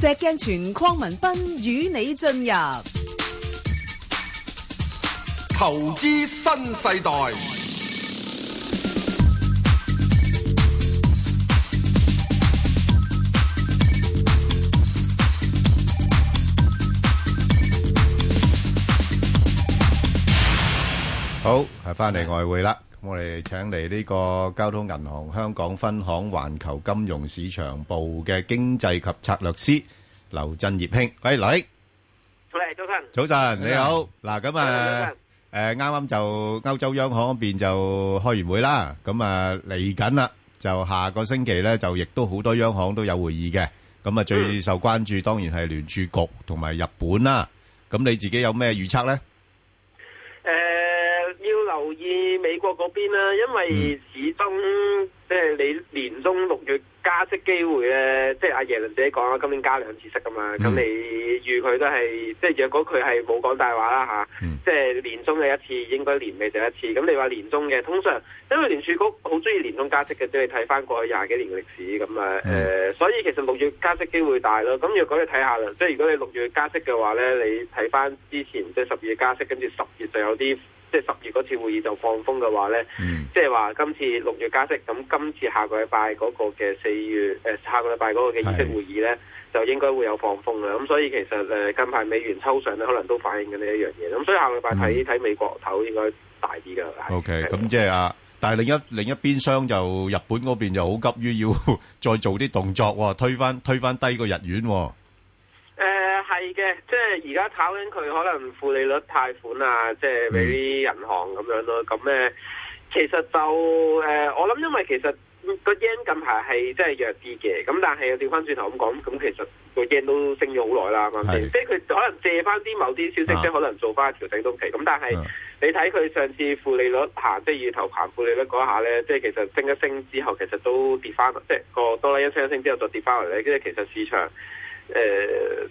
石鏡泉鄺文斌與你進入投資新世代，好，係翻嚟外匯啦。我哋請嚟呢個交通銀行香港分行環球金融市場部嘅經濟及策略師劉振業兄，歡迎嚟。早晨，早晨。早晨，你好。嗱，咁啊，誒，啱啱就歐洲央行嗰邊就開完會啦。咁啊，嚟緊啦，就下個星期咧，就亦都好多央行都有會議嘅。咁啊，最受關注當然係聯儲局同埋日本啦。咁你自己有咩預測咧？我嗰邊啦，因為始終即係你年中六月加息機會咧，即係、啊、阿耶倫自己講啦，今年加兩次息噶嘛。咁、嗯、你預佢都係，即係若果佢係冇講大話啦吓，啊嗯、即係年中嘅一次，應該年尾就一次。咁你話年中嘅，通常因為聯儲局好中意年中加息嘅，即係睇翻過去廿幾年嘅歷史咁啊、誒，所以其實六月加息機會大咯。咁若果你睇下啦，即係如果你六月加息嘅話咧，你睇翻之前即係十二月加息，跟住十月就有啲。即係十月嗰次會議就放風嘅話呢，嗯、即係話今次六月加息，咁今次下個禮拜嗰個嘅四月，誒、呃、下個禮拜嗰個嘅議息會議呢，是就應該會有放風啦。咁所以其實誒近排美元抽上呢，可能都反映緊呢一樣嘢。咁所以下禮拜睇睇美國頭應該大啲㗎喇。OK，咁即係啊，但係另一另一邊廂就日本嗰邊就好急於要 再做啲動作，推翻推翻低個日元。誒，係嘅、呃，即係而家炒緊佢可能負利率貸款啊，即係俾啲銀行咁樣咯。咁咧，其實就誒、呃，我諗因為其實個 yen 近排係即係弱啲嘅，咁但係又調翻轉頭咁講，咁其實個 yen 都升咗好耐啦，係咪先的？即係佢可能借翻啲某啲消息，啊、即係可能做翻調整到期。咁但係、啊、你睇佢上次負利率行，即係月頭行負利率嗰下咧，即係其實升一升之後，其實都跌翻，即係個多啦一升一升之後就跌翻落嚟咧，即係其實市場。誒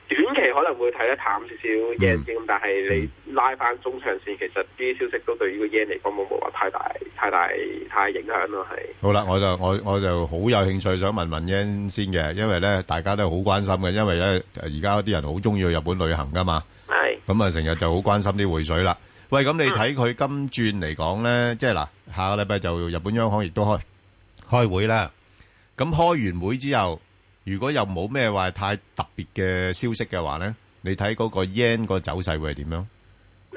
短期可能會睇得淡少少 yen 啲，咁但係你拉翻中長線，其實啲消息都對於個 yen 嚟講冇話太大太大太影響咯，係。好啦，我就我我就好有興趣想問問 yen 先嘅，因為咧大家都好關心嘅，因為咧而家啲人好中意去日本旅行噶嘛，係。咁啊，成日就好關心啲匯水啦。喂，咁你睇佢今轉嚟講咧，即係嗱，下個禮拜就日本央行亦都開開會啦。咁開完會之後。如果又冇咩話太特別嘅消息嘅話咧，你睇嗰個 yen 個走勢會係點樣？誒、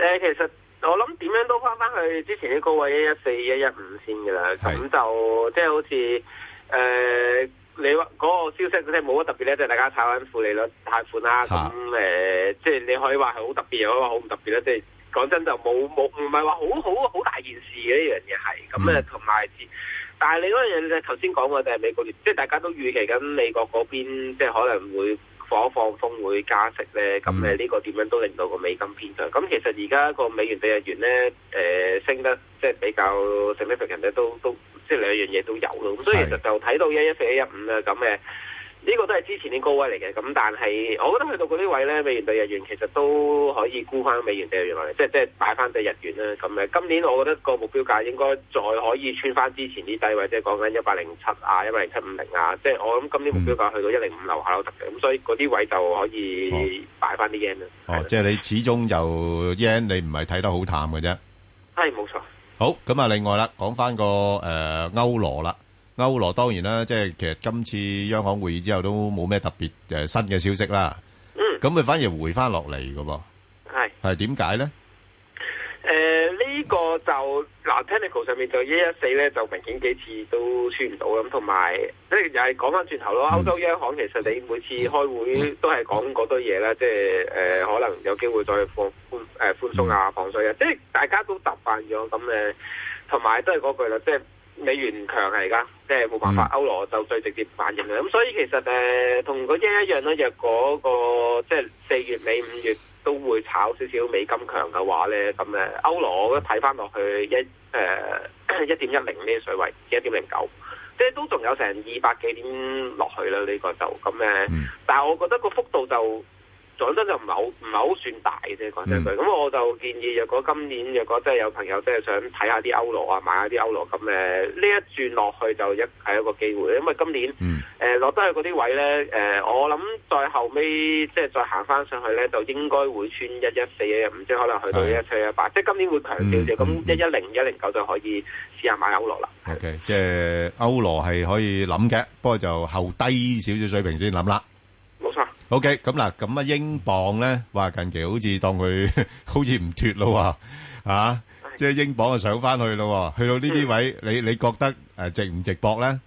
呃，其實我諗點樣都返返去之前嘅高位一一四、一一五先㗎喇。咁就是即係好似誒、呃，你話嗰、那個消息即係冇乜特別咧，即係大家睇緊負利率貸款啦。咁誒是、呃，即係你可以話係好特別，亦都話好唔特別咧。即係講真就冇冇，唔係話好好好大件事嘅一樣嘢係。咁啊，同埋、嗯。但係你嗰樣嘢咧，頭先講過就係美國聯，即係大家都預期緊美國嗰邊即係可能會放放風，會加息咧。咁誒呢個點樣都令到個美金偏上。咁、嗯、其實而家個美元對日元咧，誒、呃、升得即係比較成比例嘅，都都即係兩樣嘢都有咯。咁所以其實就睇到一一四一一五啦咁嘅。呢個都係之前啲高位嚟嘅，咁但係我覺得去到嗰啲位咧，美元對日元其實都可以沽翻美元對日元嚟，即係即係擺翻對日元啦。咁、嗯、啊，今年我覺得個目標價應該再可以穿翻之前啲低位，即係講緊一百零七啊，一百零七五零啊，即係我諗今年目標價去到一零五樓下都得嘅。咁、嗯、所以嗰啲位就可以擺翻啲 yen 啦。哦，吧哦，即係你始終就 yen 你唔係睇得好淡嘅啫。係冇錯。錯好，咁啊，另外啦，講翻個誒歐羅啦。呃歐羅當然啦，即係其實今次央行會議之後都冇咩特別誒、呃、新嘅消息啦。嗯，咁佢反而回翻落嚟嘅噃。係，係點解咧？誒，呢個就嗱，technical 上面就一一四咧，就明顯幾次都穿唔到咁，同埋即係又係講翻轉頭咯。歐洲央行其實你每次開會都係講嗰堆嘢啦，即係誒可能有機會再放寬誒寬鬆啊，放水啊，即係、嗯、大家都習慣咗咁嘅，同埋都係嗰句啦，即係。美元強係而家，即係冇辦法。歐羅就最直接反映啦。咁、嗯、所以其實誒，同嗰啲一樣咯，若果，就嗰個即係四月尾、五月都會炒少少美金強嘅話咧，咁誒歐羅我睇翻落去一誒一點一零呢水位，09, 一點零九，即係都仲有成二百幾點落去啦。呢個就咁誒，嗯、但係我覺得個幅度就。講真就唔係好唔係好算大嘅啫，講真佢。咁、嗯、我就建議若果今年若果真係有朋友真係想睇下啲歐羅啊，買下啲歐羅咁誒，呢一轉落去就一係一個機會，因為今年誒落低嗰啲位咧誒、呃，我諗再後尾，即係再行翻上去咧，就應該會穿一一四一一五，即係可能去到一一七一八，嗯、即係今年會強少少嘅。咁一一零一零九就可以試下買歐羅啦。O.K.，即係歐羅係可以諗嘅，不過就後低少少水平先諗啦。OK，咁啊，那英鎊呢哇，近期好似當佢 好似唔脱咯喎，啊， 即英鎊就上返去咯，去到呢啲位，你你覺得值唔值博呢？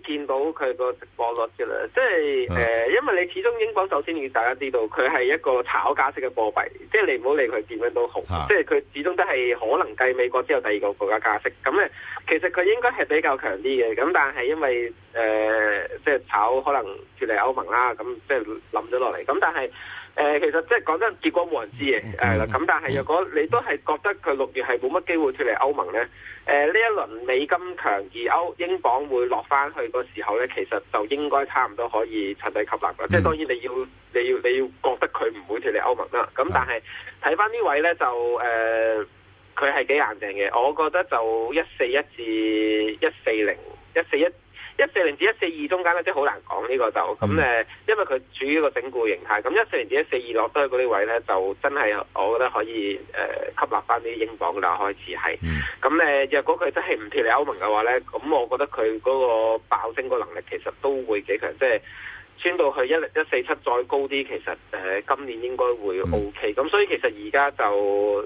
見到佢個直播率嘅啦，即係誒、呃，因為你始終英國首先要大家知道，佢係一個炒加息嘅貨幣，即係你唔好理佢點樣都好，啊、即係佢始終都係可能計美國之後第二個國家加息，咁咧其實佢應該係比較強啲嘅，咁但係因為誒、呃，即係炒可能脫離歐盟啦，咁即係冧咗落嚟，咁但係。誒、呃，其實即係講真，結果冇人知嘅，係啦、嗯。咁、嗯、但係若果你都係覺得佢六月係冇乜機會脱離歐盟咧，誒、呃、呢一輪美金強而歐英鎊會落翻去嗰時候咧，其實就應該差唔多可以趁低吸納啦。即係、嗯、當然你要你要你要覺得佢唔會脱離歐盟啦。咁但係睇翻呢位咧就誒，佢係幾硬淨嘅。我覺得就一四一至一四零一四一。一四零至一四二中間咧，真係好難講呢個就咁咧，因為佢處於一個整固形態。咁一四零至一四二落低嗰啲位咧，就真係我覺得可以誒吸納翻啲英鎊啦。開始係咁咧，若果佢真係唔脫離歐盟嘅話咧，咁我覺得佢嗰個爆升嗰能力其實都會幾強，即係穿到去一一四七再高啲，其實誒今年應該會 OK。咁所以其實而家就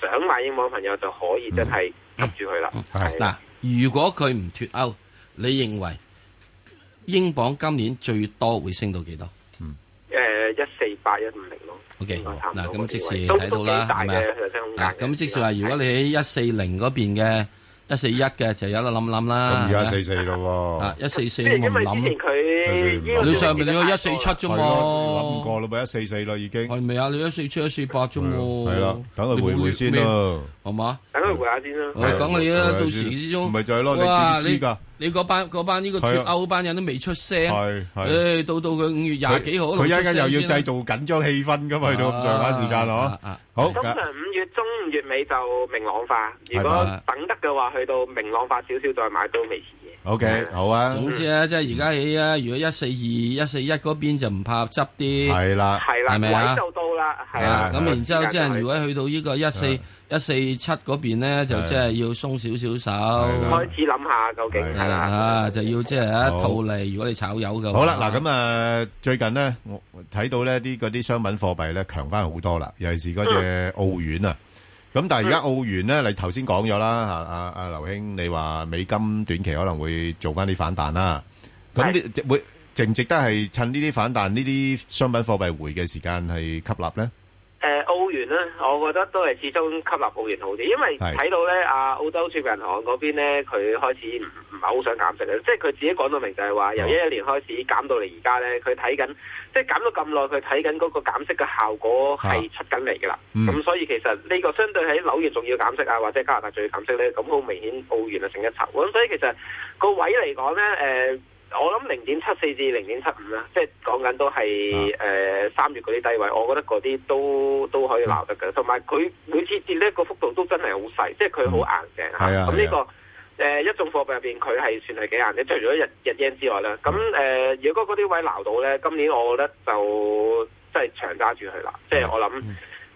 想買英鎊朋友就可以真係吸住佢啦。係嗱，如果佢唔脫歐。你認為英鎊今年最多會升到幾多？嗯，誒一四八一五零咯。OK，嗱咁即是睇到啦，都都幾大嘅，咁即是話，如果你喺一四零嗰邊嘅一四一嘅，就有得諗諗啦。咁而家一四四咯喎，啊一四四我唔諗。你上面你個一四七啫嘛，諗唔過啦嘛，一四四啦已經。係咪啊？你一四七一四八啫喎。係啦，等佢回回先啦，係嘛？等佢回下先啦。我講你啦，到時之中唔係就係咯。哇，你你嗰班嗰班呢個脫歐嗰班人都未出聲。係係。誒，到到佢五月廿幾號，佢一陣間又要製造緊張氣氛噶嘛？去到上班時間咯。啊，好。通常五月中五月尾就明朗化，如果等得嘅話，去到明朗化少少再買都未遲。O、okay, K，好啊。總之咧，即係而家起啊，如果一四二、一四一嗰邊就唔怕執啲。係啦，係啦的，係咪啊？吧就到啦，係啦的。咁然之後、就是、即係，如果去到呢個一四一四七嗰邊咧，就即係要鬆少少手，開始諗下究竟係啦，就是、要即係一套嚟。好如果你炒油嘅好啦，嗱咁啊，最近呢，我睇到呢啲嗰啲商品貨幣咧強翻好多啦，尤其是嗰隻澳元啊。咁但係而家澳元咧，你頭先講咗啦，阿劉兄，你話美金短期可能會做返啲反彈啦，咁你會值唔值得係趁呢啲反彈呢啲商品貨幣回嘅時間去吸納呢？誒澳、呃、元咧，我覺得都係始終吸納澳元好啲，因為睇到咧是啊，澳洲儲備銀行嗰邊咧，佢開始唔唔係好想減息啦，即係佢自己講到明就係話，由一一年開始減到嚟而家咧，佢睇緊，即係減到咁耐，佢睇緊嗰個減息嘅效果係出緊嚟㗎啦。咁、啊嗯、所以其實呢個相對喺紐元仲要減息啊，或者加拿大仲要減息咧，咁好明顯澳元啊成一籌。咁所以其實個位嚟講咧，誒、呃。我諗零點七四至零點七五啦，即係講緊都係誒三月嗰啲低位，我覺得嗰啲都都可以撈得嘅。同埋佢每次跌呢個幅度都真係好細，即係佢好硬淨啊。咁呢個誒一種貨幣入邊，佢係算係幾硬淨，除咗日日元之外啦。咁誒，啊，如果嗰啲位撈到呢，今年我覺得就真係長揸住佢啦。即係我諗。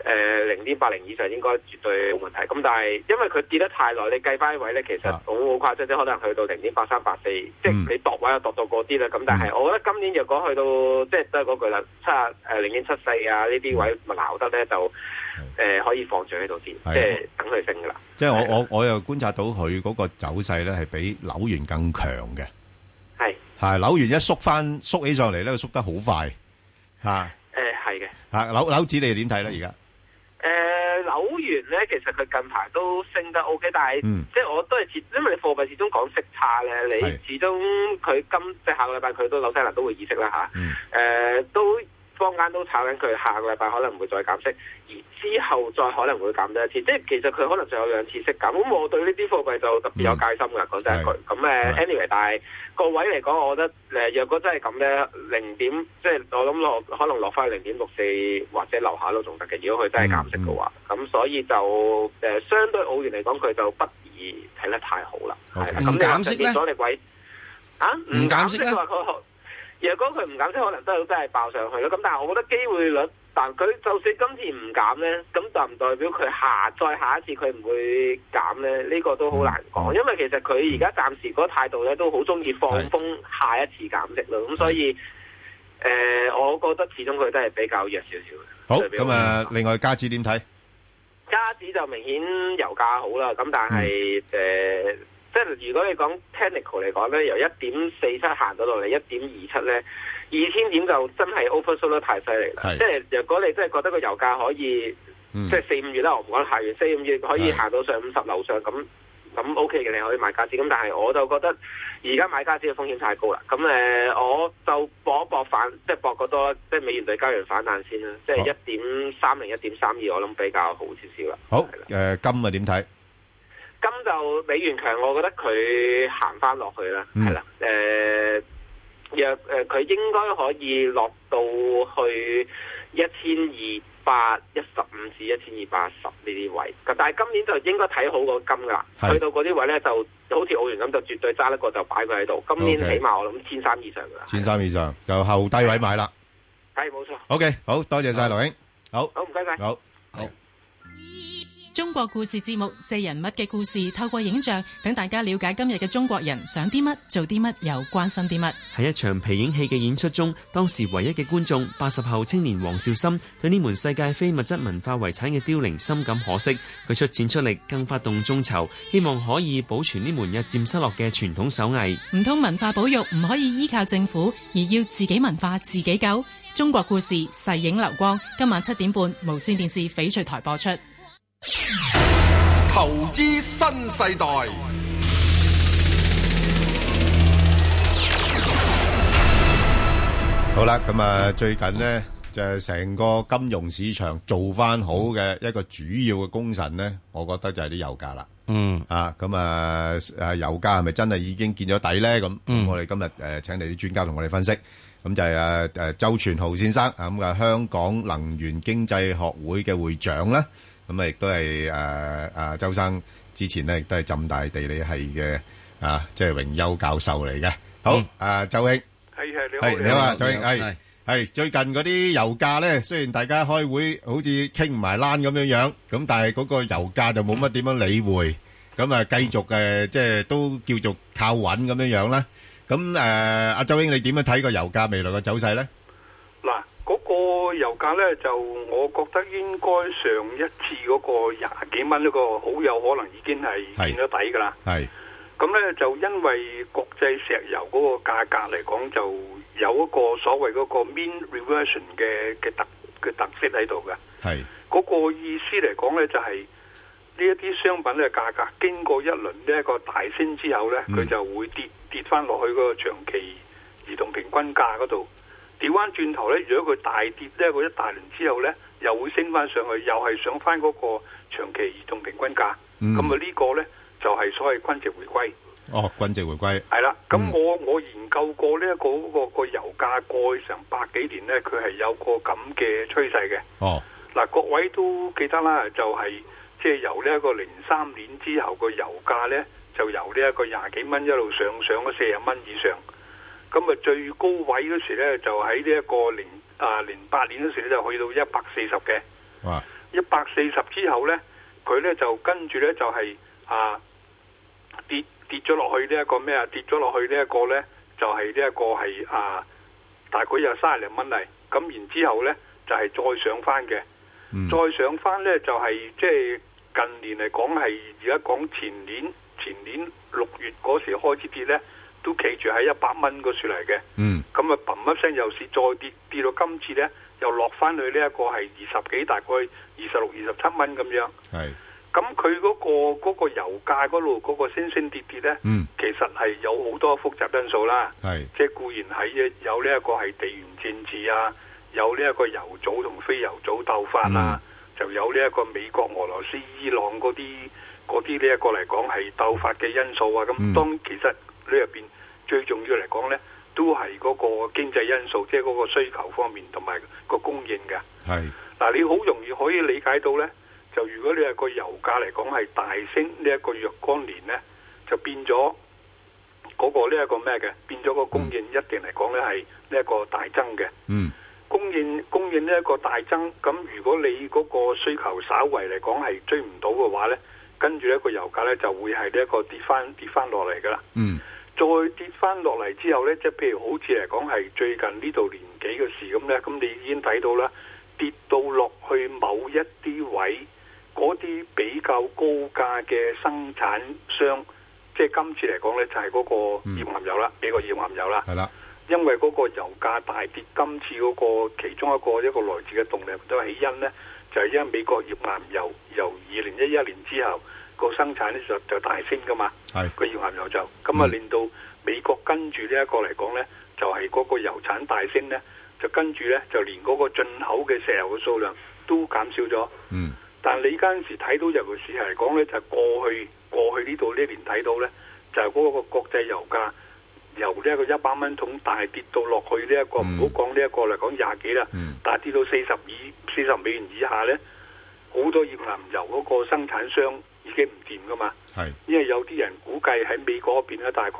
誒，零點八零以上應該絕對冇問題。咁但係，因為佢跌得太耐，你計翻位咧，其實好好誇張，即可能去到零點八三、八四、嗯，即係你度位又度到過啲啦。咁但係，我覺得今年如果去到，即係都係嗰句啦，七、呃、0, 7, 啊，零點七四啊，呢啲位咪撈得咧，就誒、呃、可以放住喺度先，即係、啊、等佢升噶啦。即係、啊啊、我我我又觀察到佢嗰個走勢咧，係比紐元更強嘅。系係紐元一縮翻縮起上嚟咧，縮得好快吓。誒係嘅吓紐紐指你又點睇咧？而家、呃咧，其實佢近排都升得 O、OK, K，但係、嗯、即係我都係，始，因為你貨幣始終講息差咧，是的 你始終佢今即係下個禮拜佢都紐西蘭都會議息啦嚇，誒、啊嗯呃、都。坊間都炒緊佢下個禮拜可能唔會再減息，而之後再可能會減多一次，即係其實佢可能仲有兩次息減。咁我對呢啲貨幣就特別有戒心㗎，講真、嗯、一句，咁誒，anyway，但係個位嚟講，我覺得誒，若果真係咁咧，零點即係我諗落，可能落翻零點六四或者樓下都仲得嘅。如果佢真係減息嘅話，咁、嗯嗯、所以就誒、呃、相對澳元嚟講，佢就不宜睇得太好啦。係啦 Okay.，咁你減息咧？啊，唔減息咧？它 它 如果佢唔減，即可能真係真係爆上去咯。咁但係，我覺得機會率，但佢就算今次唔減呢，咁就唔代表佢下再下一次佢唔會減呢。呢、這個都好難講，嗯嗯、因為其實佢而家暫時個態度呢都好中意放風是下一次減息咯。咁所以，誒是、呃，我覺得始終佢都係比較弱少少。好，咁啊，另外加指點睇？加指就明顯油價好啦。咁但係誒。嗯即係如果你講 technical 嚟講咧，由一點四七行到落嚟一點二七咧，二千點就真係 oversold 得太犀利啦。是即係如果你真係覺得個油價可以，嗯、即係四五月啦，我唔講，下月四五月可以行到上五十樓上咁，咁 OK 嘅你可以買價紙。咁但係我就覺得而家買價紙嘅風險太高啦。咁誒，我就搏一搏反，即係搏嗰多，即係美元兌加元反彈先啦。好即係一點三零、一點三二，我諗比較好少少啦。好，誒的金啊點睇？金就李元強，我覺得佢行翻落去啦，係啦，嗯，誒、呃，若誒佢、呃、應該可以落到去一千二百一十五至一千二百十呢啲位。咁但係今年就應該睇好個金噶啦，是去到嗰啲位咧就好似澳元咁，就絕對揸得過就擺佢喺度。今年起碼我諗千三以上噶，千三以上就後低位買啦。係冇錯。O、okay, K，好多謝晒劉英，好好唔該晒，好好。中國故事節目借人物嘅故事，透過影像等大家了解今日嘅中國人想啲乜，做啲乜，又關心啲乜。喺一場皮影戲嘅演出中，當時唯一嘅觀眾八十後青年黃少森對呢門世界非物質文化遺產嘅凋零深感可惜。佢出錢出力，更發動眾籌，希望可以保存呢門日漸失落嘅傳統手藝。唔通文化保育唔可以依靠政府，而要自己文化自己救。中國故事細影流光，今晚七點半無綫電視翡翠台播出。投資新世代咁啊，亦都係誒誒，周生之前咧亦都係浸大地理系嘅啊，即係榮休教授嚟嘅。好，誒，周兄，係係你好，你好啊，周兄，係係最近嗰啲油價咧，雖然大家開會好似傾唔埋欄咁樣樣，咁但係嗰個油價就冇乜點樣理會，咁啊繼續誒，即係都叫做靠穩咁樣樣啦。咁誒，阿周兄你點樣睇個油價未來嘅走勢咧？個油價呢，就我覺得應該上一次嗰個廿幾蚊呢個好有可能已經係見咗底噶啦。咁呢，就因為國際石油嗰個價格嚟講就有一個所謂嗰個 mean reversion 嘅嘅特嘅特色喺度嘅。嗰是個意思嚟講呢，就係呢一啲商品嘅價格經過一輪呢一個大升之後呢，佢、嗯、就會跌跌翻落去嗰個長期移動平均價嗰度。調翻轉頭咧，如果佢大跌咧，佢一大輪之後咧，又會升翻上去，又係上翻嗰個長期移動平均價。咁啊、嗯，個呢個咧就係、是、所謂均值回歸。哦，均值回歸。係啦了，咁、嗯、我我研究過呢、這、嗰個、這個這個油價過去成百幾年咧，佢係有個咁嘅趨勢嘅。哦，嗱、呃，各位都記得啦，就係即係由呢一個零三年之後個油價咧，就由呢一個廿幾蚊一路上上咗四十蚊以上。咁啊最高位嗰時咧，就喺呢一個零啊零八年嗰、呃、時咧，就去到一百四十嘅。哇！一百四十之後咧，佢咧就跟住咧就係啊跌跌咗落去呢一個咩啊？跌咗落去、這個、去呢一個咧，就係呢一個係啊大概有卅零蚊嚟。咁然之後咧，就係、是、再上返嘅。嗯、再上返咧就係即係近年嚟講係而家講前年前年六月嗰時開始跌咧。都企住喺一百蚊個雪嚟嘅，咁啊、嗯，砰一聲，又試再跌跌到今次咧，又落翻去呢一個係二十幾，大概二十六、二十七蚊咁樣。係咁佢嗰個嗰、嗰個油價嗰度嗰個升升跌跌咧，嗯、其實係有好多複雜因素啦。係是即係固然喺有呢一個係地緣政治啊，有呢一個油組同非油組鬥法啊，嗯、就有呢一個美國、俄羅斯、伊朗嗰啲嗰啲呢一個嚟講係鬥法嘅因素啊。咁當其實。呢入邊最重要嚟講呢，都係嗰個經濟因素，即係嗰個需求方面同埋個供應嘅。係嗱是、啊，你好容易可以理解到呢，就如果你係個油價嚟講係大升，呢一個若干年呢，就變咗嗰個呢一個咩嘅？變咗個供應一定嚟講呢係呢一個大增嘅。嗯、供，供應供應呢一個大增，咁如果你嗰個需求稍為嚟講係追唔到嘅話呢，跟住呢個油價呢就會係呢一個跌返跌返落嚟㗎啦。嗯。再跌翻落嚟之後呢，即係譬如好似嚟講係最近呢度年幾嘅事咁呢，咁你已經睇到啦，跌到落去某一啲位，嗰啲比較高價嘅生產商，即係今次嚟講呢，就係、是、嗰個頁岩油啦，嗯、美國頁岩油啦，的因為嗰個油價大跌，今次嗰個其中一個一個來自嘅動力都係起因呢，就係、是、因為美國頁岩油由二零一一年之後。個生產咧就就大升噶嘛，係個頁岩油就咁啊，令到美國跟住呢一個嚟講咧，就係、是、嗰個油產大升咧，就跟住咧就連嗰個進口嘅石油嘅數量都減少咗。嗯，但你嗰陣時睇到石油市場嚟講咧，就是、過去過去這這一呢度呢年睇到咧，就嗰、是、個國際油價由呢一個一百蚊桶，大跌到落去呢、這、一個唔好講呢一個嚟講廿幾啦，嗯、但係跌到四十以四十美元以下咧，好多頁岩油嗰個生產商。已經唔掂噶嘛？係是，因為有啲人估計喺美國嗰邊咧，大概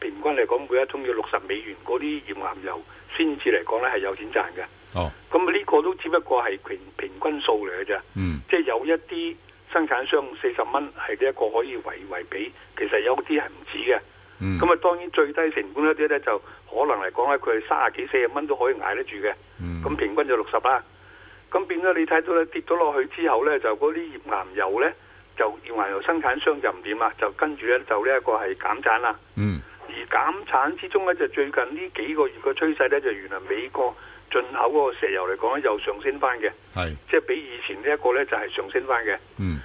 平均嚟講，每一桶要六十美元嗰啲頁岩油先至嚟講咧係有錢賺嘅。哦，咁呢個都只不過係平平均數嚟嘅啫。嗯，即係有一啲生產商四十蚊係呢一個可以維維比，其實有啲係唔止嘅。嗯，咁啊當然最低成本一啲咧就可能嚟講咧佢三十幾四十蚊都可以捱得住嘅。嗯，咁平均就六十啦。咁變咗你睇到咧跌咗落去之後咧就嗰啲頁岩油咧。就頁岩油生產商就唔掂啦，就跟住咧就呢一個係減產啦。嗯，而減產之中咧，就最近呢幾個月個趨勢咧，就原來美國進口個石油嚟講咧，又上升翻嘅。係，即係比以前呢一個咧，就係上升翻嘅。嗯，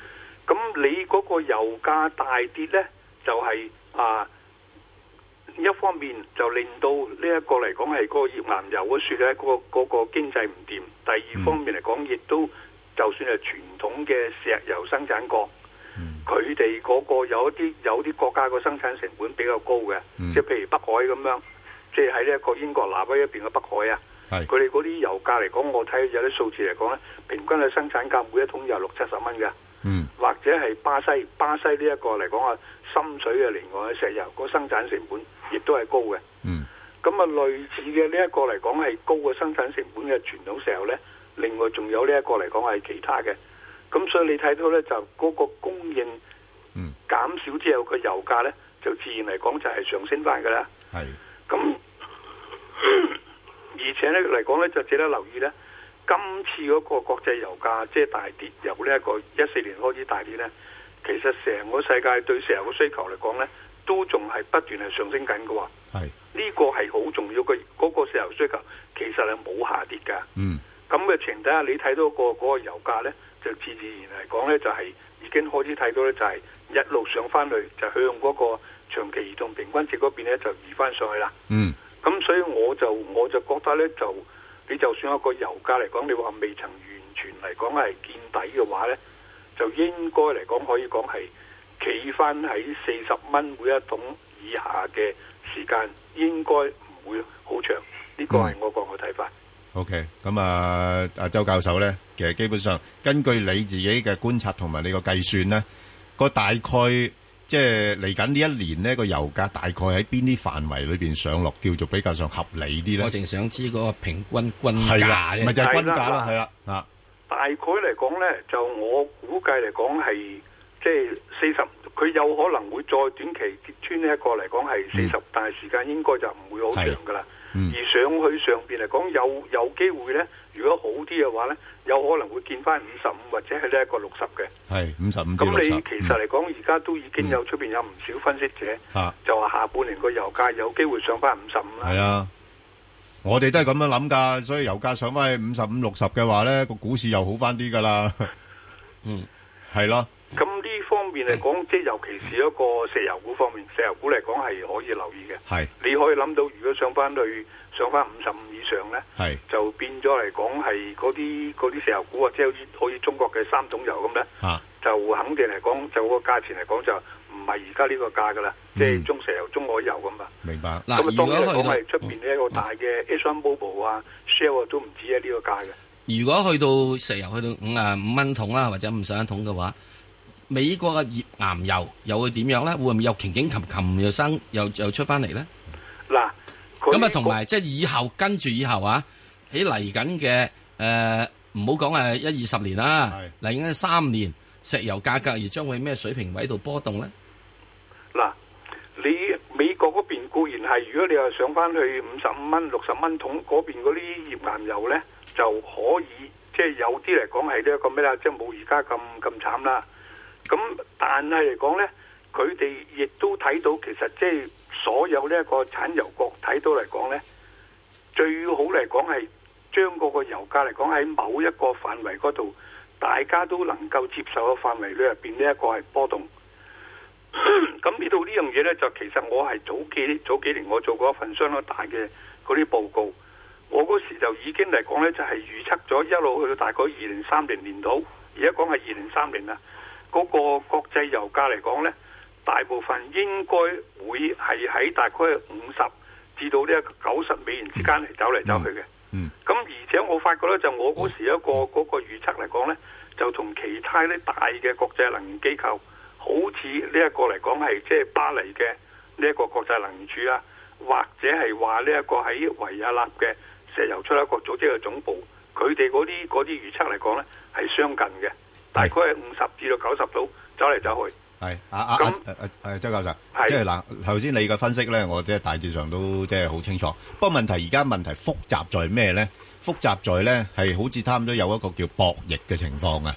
咁你嗰個油價大跌咧，就係啊一方面就令到呢一個嚟講係個頁岩油嘅説咧，個個個經濟唔掂。第二方面嚟講，亦都就算係傳統嘅石油生產國。佢哋嗰個有一啲有啲國家個生產成本比較高嘅，即係、嗯、譬如北海咁樣，即係喺呢一個英國挪威一邊嘅北海啊。佢哋嗰啲油價嚟講，我睇有啲數字嚟講咧，平均嘅生產價每一桶有六七十蚊嘅。嗯、或者係巴西，巴西呢一個嚟講啊，深水嘅另外嘅石油個生產成本亦都係高嘅。咁啊、嗯，類似嘅呢一個嚟講係高嘅生產成本嘅傳統石油咧，另外仲有呢一個嚟講係其他嘅。咁所以你睇到咧，就嗰個供應減少之後價呢，個油價咧就自然嚟講就係上升翻噶啦。係是，咁 而且咧嚟講咧，就值得留意咧。今次嗰個國際油價即係大跌，由呢一個一四年開始大跌咧，其實成個世界對石油嘅需求嚟講咧，都仲係不斷係上升緊嘅喎。係是，呢個係好重要嘅，嗰、嗰個石油需求其實係冇下跌嘅。嗯，咁嘅情底下，你睇到個嗰個油價咧，就自自然嚟講呢就係、是、已經開始睇到呢就係一路上翻去，就向嗰個長期移動平均值嗰邊呢，就移翻上去啦。嗯，咁所以我就我就覺得呢就你就算一個油價嚟講，你話未曾完全嚟講係見底嘅話呢就應該嚟講可以講係企翻喺四十蚊每一桶以下嘅時間，應該唔會好長。呢、這個係我個個睇法。嗯。OK，咁啊，阿周教授咧，其實基本上根據你自己嘅觀察同埋你個計算咧，個大概即係嚟緊呢一年呢個油價大概喺邊啲範圍裏邊上落叫做比較上合理啲咧？我淨想知嗰個平均均價啫的，係咪就係均價啦，係啦，啊，大概嚟講咧，就我估計嚟講係即係四十，佢、就是、有可能會再短期跌穿呢一個嚟講係四十，但係時間應該就唔會好長噶啦。而上去上面嚟講有有機會呢，如果好啲嘅話呢，有可能會見翻五十五或者係呢一個六十嘅，係五十五，咁你其實嚟講而家都已經有出面有唔少分析者，啊、就話下半年個油價有機會上翻五十五啦。係啊，我哋都係咁樣諗噶，所以油價上翻去五十五六十嘅話呢，個股市又好翻啲噶啦。 嗯，係咯、啊。方面嚟講，即係尤其是一個石油股方面，石油股嚟講係可以留意嘅。係，你可以諗到，如果上翻去上翻五十五以上咧，係就變咗嚟講係嗰啲啲石油股啊，或者好似中國嘅三桶油咁咧，啊，就肯定嚟講，就個價錢嚟講就唔係而家呢個價㗎啦，即係、嗯、中石油、中海油咁啊。明白。嗱，咁如果講係出邊一個大嘅 Exxon Mobil 啊，啊，啊，啊，Shell 都唔止喺呢個價嘅。如果去到石油去到五啊五蚊桶啦，或者五十一桶嘅話，美國嘅頁岩油又會點樣咧？會唔會又擎擎琴琴又生又又出翻嚟咧？嗱，咁啊同埋即係以後跟住以後啊，喺嚟緊嘅誒，唔好講係一二十年啦，嚟緊三年，石油價格而將會咩水平位度波動咧？嗱，你美國嗰邊固然係，如果你話上翻去五十五蚊、六十蚊桶嗰邊嗰啲頁岩油咧，就可以即係有啲嚟講係一個咩呀，即係冇而家咁咁慘啦。咁但係嚟講呢，佢哋亦都睇到，其實即係所有呢一個產油國睇到嚟講呢，最好嚟講係將嗰個油價嚟講喺某一個範圍嗰度，大家都能夠接受嘅範圍裏邊呢一個係波動。咁呢度呢樣嘢呢，就其實我係早幾早幾年我做過一份相當大嘅嗰啲報告，我嗰時就已經嚟講呢就係預測咗一路去到大概二零三零年度，而家講係二零三零啦。嗰個國際油價嚟講呢大部分應該會係喺大概五十至到呢九十美元之間嚟走嚟走去嘅，嗯。嗯，咁而且我發覺呢，就我嗰時一個嗰、嗰個預測嚟講呢就同其他啲大嘅國際能源機構，好似呢一個嚟講係即係巴黎嘅呢一個國際能源署啊，或者係話呢一個喺維也納嘅石油出口國組織嘅總部，佢哋嗰啲啲預測嚟講呢係相近嘅。大概係五十至到九十度走嚟走去。係阿阿阿阿周教授，是即係嗱，頭先你嘅分析咧，我即係大致上都即係好清楚。不過問題而家問題複雜在咩咧？複雜在咧係好似他們都有一個叫博弈嘅情況啊。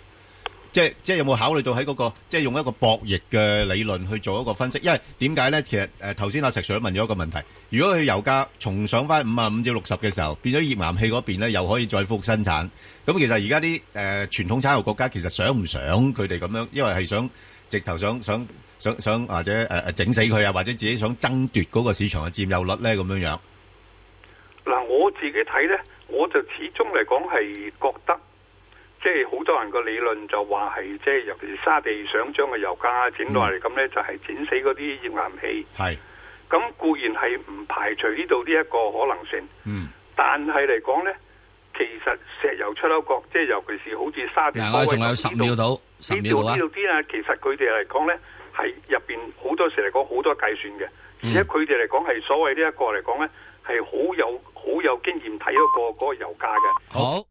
即係即係有冇考慮到喺嗰個即係用一個博弈嘅理論去做一個分析？因為點解呢？其實誒頭先阿石水都問咗一個問題：如果佢油價重上返五啊五至六十嘅時候，變咗頁岩氣嗰邊呢又可以再復生產咁，其實而家啲誒傳統產油國家其實想唔想佢哋咁樣？因為係想直頭想想想想或者誒整死佢啊，或者自己想爭奪嗰個市場嘅佔有率呢咁樣樣。嗱，我自己睇呢，我就始終嚟講係覺得。即係好多人個理論就話係，即係尤其是沙地上漲嘅油價剪落嚟咁咧，嗯、整來來就係剪死嗰啲頁岩氣。係咁是固然係唔排除呢度呢一個可能性。嗯，但係嚟講咧，其實石油出口國，即係尤其是好似沙地嗱，仲、嗯、有十秒到，十秒呢度啲啊，其實佢哋嚟講咧，係入邊好多時嚟講好多計算嘅，嗯、而且佢哋嚟講係所謂呢一個嚟講咧，係好有好有經驗睇嗰個嗰個油價嘅。好。